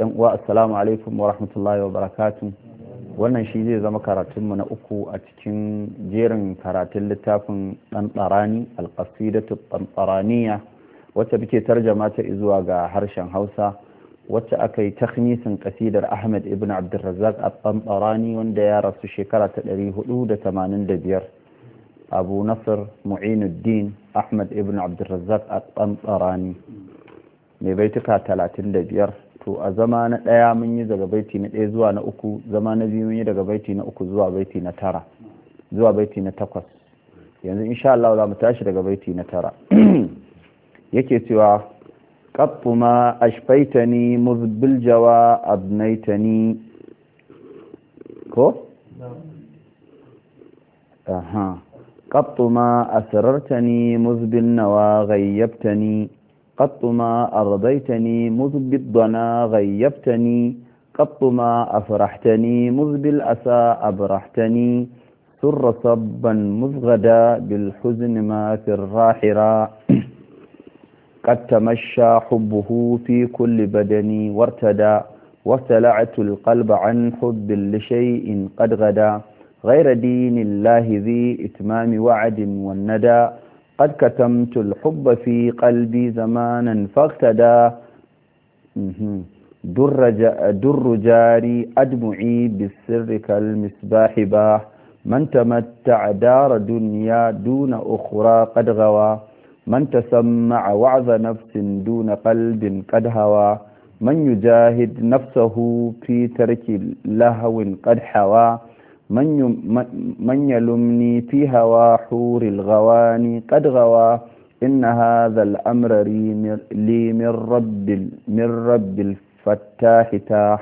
yan uwa assalamu alaikum wa rahmatullahi wa barakatu wannan shi zai zama karatunmu na uku a cikin jerin karatun littafin ɗan alƙasidatu ɗan wacce muke tarjama ta zuwa ga harshen hausa wacce aka yi takhnisin kasidar ahmed ibn abdulrazak a ɓanɓarani wanda ya rasu shekara ta hudu biyar abu nasir mu'inuddin ahmed ibn abdulrazak a ɓanɓarani mai baituka biyar. to a zama na ɗaya mun yi daga baiti na ɗaya zuwa na uku zama na biyu mun yi daga baiti na uku zuwa baiti na tara zuwa baiti na takwas yanzu insha Allah za mu tashi daga baiti na tara yake cewa qattu ma ni muzbil jawa abnaitani ko aha a ma asrartani muzbil nawa ghayyabtani قط ما أرضيتني مذ بالضنا غيبتني قط ما أفرحتني مذ بالأسى أبرحتني سر صبا مذ غدا بالحزن ما في الراحرا قد تمشى حبه في كل بدني وارتدى وسلعت القلب عن حب لشيء قد غدا غير دين الله ذي إتمام وعد والندى قد كتمت الحب في قلبي زمانا فاقتدى در, در جاري أدمعي بالسر كالمسباح باه من تمتع دار دنيا دون أخرى قد غوى من تسمع وعظ نفس دون قلب قد هوى من يجاهد نفسه في ترك لهو قد حوى من, من يلمني في هوى حور الغواني قد غوى إن هذا الأمر لي من رب, من رب الفتاح تاح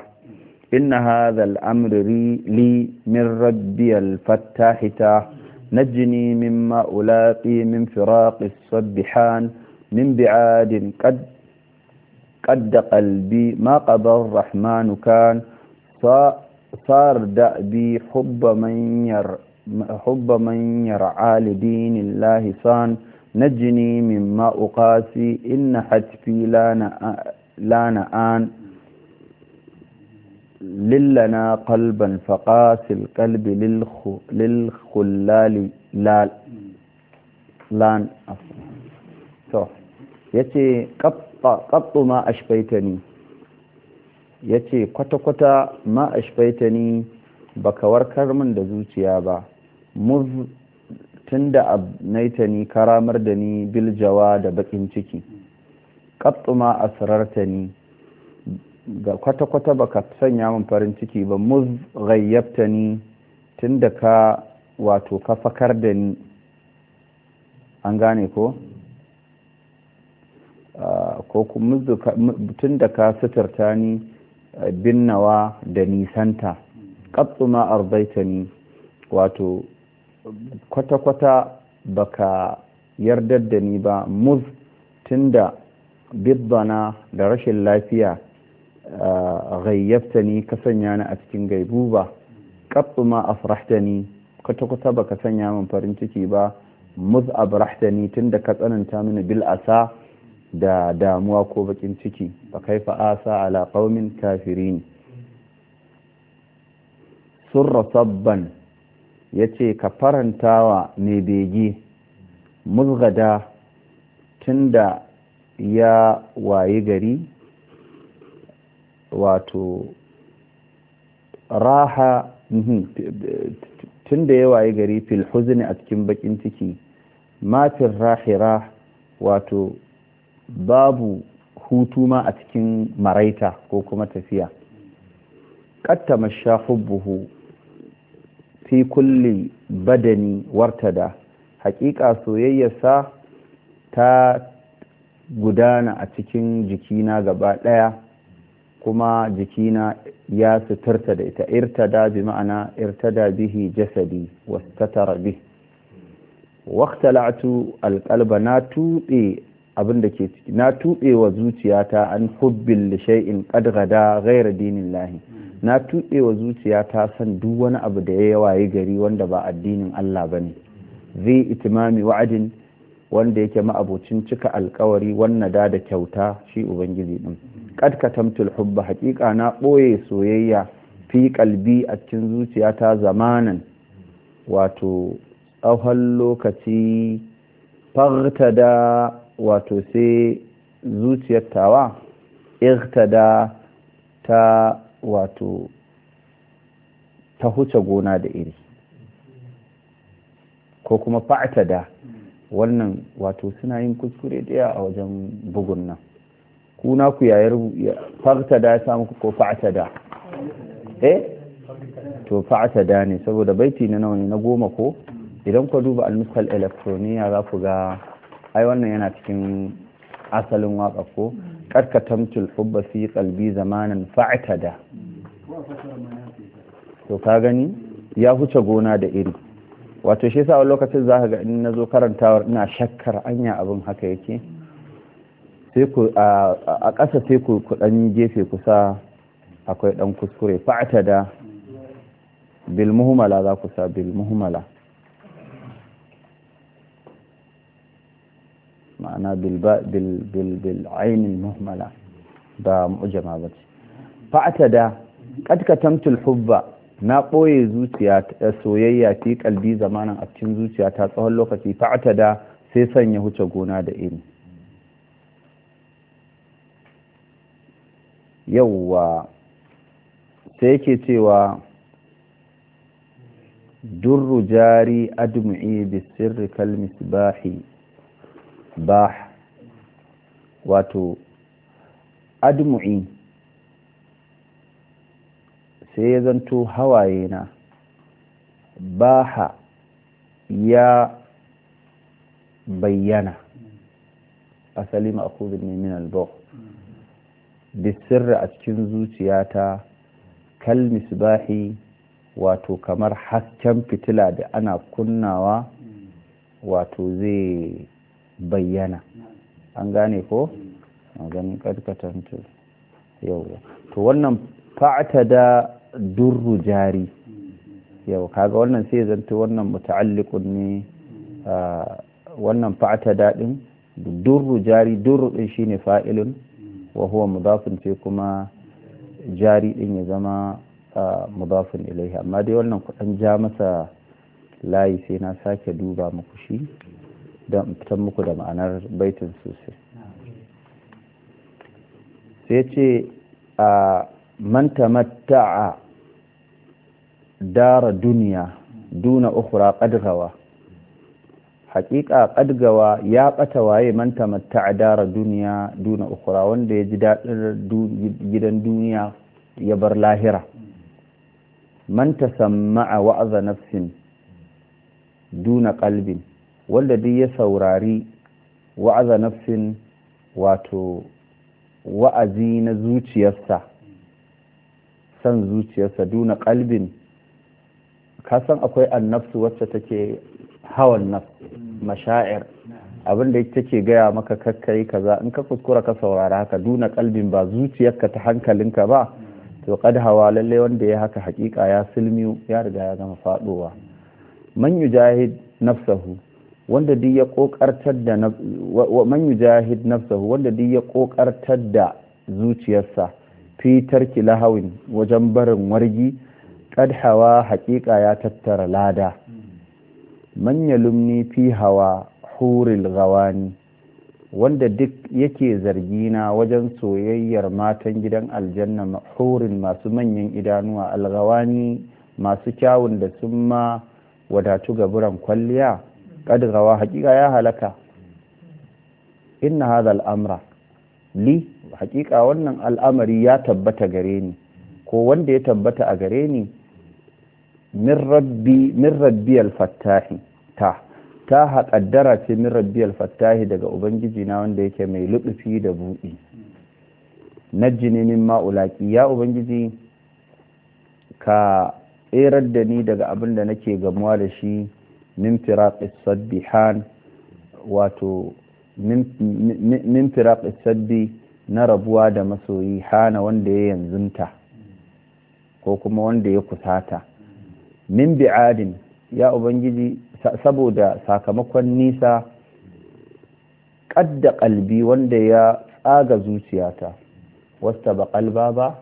إن هذا الأمر لي من ربي الفتاح تاح نجني مما ألاقي من فراق الصبحان من بعاد قد قد قلبي ما قضى الرحمن كان صار دأبي حب من ير حب من يرعى لدين الله صان نجني مما أقاسي إن حتفي لا لا نآن للنا قلبا فقاس القلب للخلال لال لان يتي قط قط ما أشبيتني ya ce kwata-kwata ma a shafaita ni ba kawar warkar min da zuciya ba muz tun da abnaita ni karamar da ni biljawa da bakin ciki ƙatsu ma sararta ni ga kwata-kwata ba ka sanya min farin ciki ba muz gayyabta ni tun da ka wato ka fakar da ni an gane ko? Ah, ko tun da ka suturta ni binnawa da nisanta katsu ma ni wato kwata-kwata baka yardar da ni ba muz tunda bibbana da rashin lafiya ah, gayyabta ni ka sanya ni a cikin gaibu ba katsu ma afrahta ni kwata-kwata baka sanya min farin ciki ba muz abrahta ni tunda ka tsananta mini bil'asa da damuwa ko bakin ciki fa kaifa asa ala qaumin kafirin surra sabban yace ka farantawa ne bege muzgada tunda ya wayi gari wato raha tunda ya wayi gari fil huzni a cikin bakin ciki ma fil rahira wato babu hutu ma a cikin maraita ko kuma tafiya ƙattama shafubuhu fi kulli badani wartada haƙiƙa soyayyarsa ta gudana a cikin jikina gaba ɗaya kuma jikina ya suturta da ita irtada bi ma'ana irtada bihi jasadi wastatara bih waqtala'tu alƙalba na tuɓe abin da ke ciki na tuɓe wa zuciyata an hubbin li shay'in qad gaira dinin lahi' na tuɓe wa zuciyata san duk wani abu da ya yawaye gari wanda ba addinin Allah ba ne. zai itimami wa'adin wanda yake ma'abocin cika alkawari wannan da da kyauta shi ubangiji din ka katamtul hubba haqiqa na ɓoye soyayya fi kalbi a cikin zuciyata zamanan wato tsawon lokaci farta da wato sai zuciyar tawa irtada ta wato ta huce gona da iri ko kuma fa'tada wannan wato suna yin kuskure daya a wajen bugun nan kuna ku yayar fa'tada ya samu ko fa'tada eh to fa'tada ne saboda baiti na nawa ne na goma ko idan ka duba almuskal electroniya za ku ga ai wannan yana cikin asalin waka ko karkatamtul hubba fi zamanin zamanan fa'tada to ka gani ya huce gona da iri wato shi yasa wani lokacin zaka ga in nazo karantawar ina shakkar anya abin haka yake a ƙasa sai ku ku dan gefe kusa akwai ɗan kuskure fa'tada bil muhmala za ku sa bil ma'ana bil'ainin muhmala ba mu'jama ba ce fa'ata da tamtul hubba na ɓoye zuciya ta eh, soyayya ta kalbi zamanin a cikin zuciya ta tsawon lokaci fa'ata da sai sanya huce gona da iri yauwa sai yake cewa durru jari bi bisirri kalmisbahi asbah wato admu'i sai ya zanto hawaye na baha ya bayyana asali ma'akudin ne min albog bisirra a cikin zuciyata kal misbahi wato kamar hasken fitila da ana kunnawa wato zai bayyana an gane ko maganin karkatantu yau to wannan fa'ata da durru jari yau kaga wannan sai zanto wannan muta'alliqun ne wannan fa'ata daɗin durru jari durru ɗin shine fa'ilun wa huwa mudafin sai kuma jari ɗin ya zama mudafin ilaihi amma dai wannan kuɗan ja masa layi sai na sake duba muku shi don fitan muku da ma'anar baitin sosai sai ce a manta matta'a dara duniya duna ukura ƙadgawa haƙiƙa ƙadgawa ya ɓata waye manta mata dara duniya duna ukura wanda ya ji daɗin gidan duniya ya bar lahira manta samma'a wa'aza nafsin duna ƙalbin wanda duk ya saurari wa'aza nafsin wato wa'azi na zuciyarsa san zuciyarsa duna kalbin kasan akwai annafsu wacce take hawan naf masha'ir abinda take gaya maka kakkai kaza in ka kuskura ka saurara haka duna kalbin ba zuciyarka ta hankalinka ba to kad hawa lalle wanda ya haka hakika ya silmiyu ya riga ya zama fadowa man yujahid nafsahu wanda duk ya kokartar da man yujahid nafsahu wanda duk ya kokartar da zuciyarsa fi tarki lahawin wajen barin wargi kad hawa haƙiƙa ya tattara lada man yalumni fi hawa huril gawani wanda duk yake zargina wajen soyayyar matan gidan aljanna hurin masu manyan idanuwa alghawani masu kyawun da sun ma wadatu gaburan kwalliya kadirawa hakika ya halaka inna hadha al-amra li hakika wannan al'amari ya tabbata gare ni ko wanda ya tabbata a gare ni min rabbi min al-fattahi ta ta haƙaddara ce min rabbi al-fattahi daga ubangiji na wanda yake mai lubufi da buɗi jini min ma'ulaki ya ubangiji ka tserar da ni daga abin da nake gamuwa da shi min firaqis wato min saddi na rabuwa da masoyi hana wanda ya yanzunta ko kuma wanda ya kusata min bi'adin ya ubangiji saboda sakamakon nisa ƙadda ƙalbi wanda ya tsaga zuciyata wasta ba ƙalba ba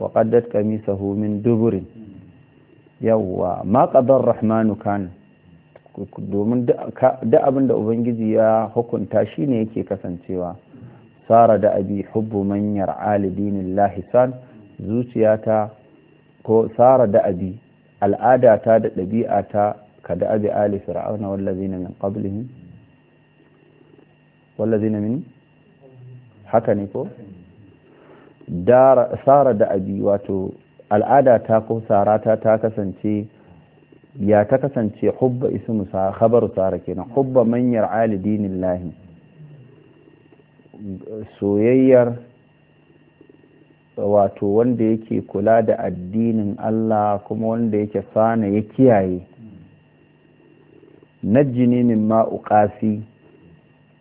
wa ƙaddar kamisahu min duburin yawwa ma qadar rahmanu kan domin da abin da ubangiji ya hukunta shi ne yake kasancewa sara da abi hubbu man yar'ali dinillahi san zuciyata ko sara da abi al'adata da ɗabi'ata ka da abi ali fir'auna wallazina min qablihim wallazina min haka ne ko sara da abi wato al'ada ta ko sarata ta kasance ya ta kasance hubba ismu sa khabaru sara kenan hubba man yar'a soyayyar wato wanda yake kula da addinin Allah kuma wanda yake sana ya kiyaye na min ma uqasi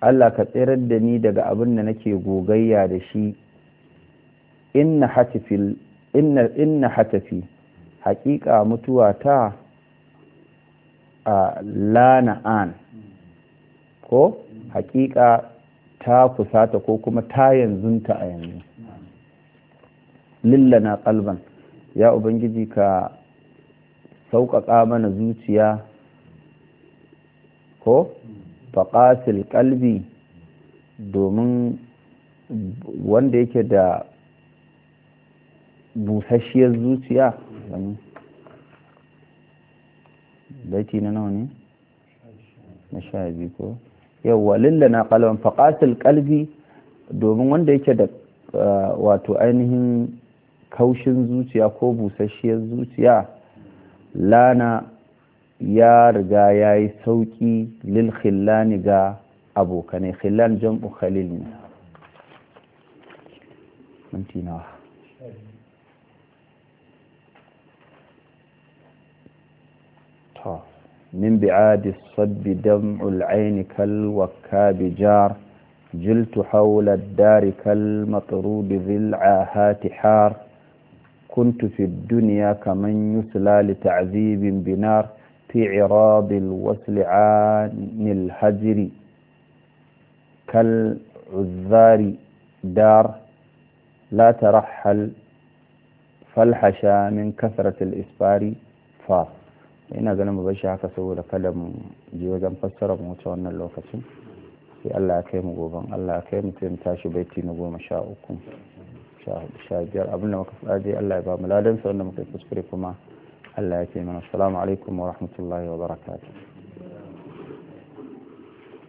Allah ka tsirar da ni daga abin da nake gogayya da shi inna hatifil inna hatafi haƙiƙa mutuwa ta a lana'an ko haƙiƙa ta kusata ko kuma ta yanzunta a yanzu lilla na kalban ya ubangiji ka sauƙaƙa mana zuciya ko faƙasil kalbi domin wanda yake da busasshiyar zuciya baiti na nawa ne na sha biyu ko yawwa lillana faƙasar kalbi domin wanda yake da uh, wato ainihin kaushin zuciya ko busasshiyar zuciya lana ya riga ya yi sauƙi lil ga abokanai khillan jam'u khalil ne من بعاد الصب دمع العين كالوكاب جار جلت حول الدار كالمطرود ذي العاهات حار كنت في الدنيا كمن يسلى لتعذيب بنار في عراض الوصل عن الهجر كالعذار دار لا ترحل فالحشا من كثرة الإسفار فار ina ganin ba bashi haka saboda kada mu je wajen fassara mu wuce wannan lokacin sai Allah ya kai mu goban Allah ya kai mu sai mu tashi baiti na goma sha uku sha biyar abin da muka tsaje Allah ya ba mu ladan sa wanda muka kuskure kuma Allah ya kai mana assalamu alaikum wa rahmatullahi wa barakatuh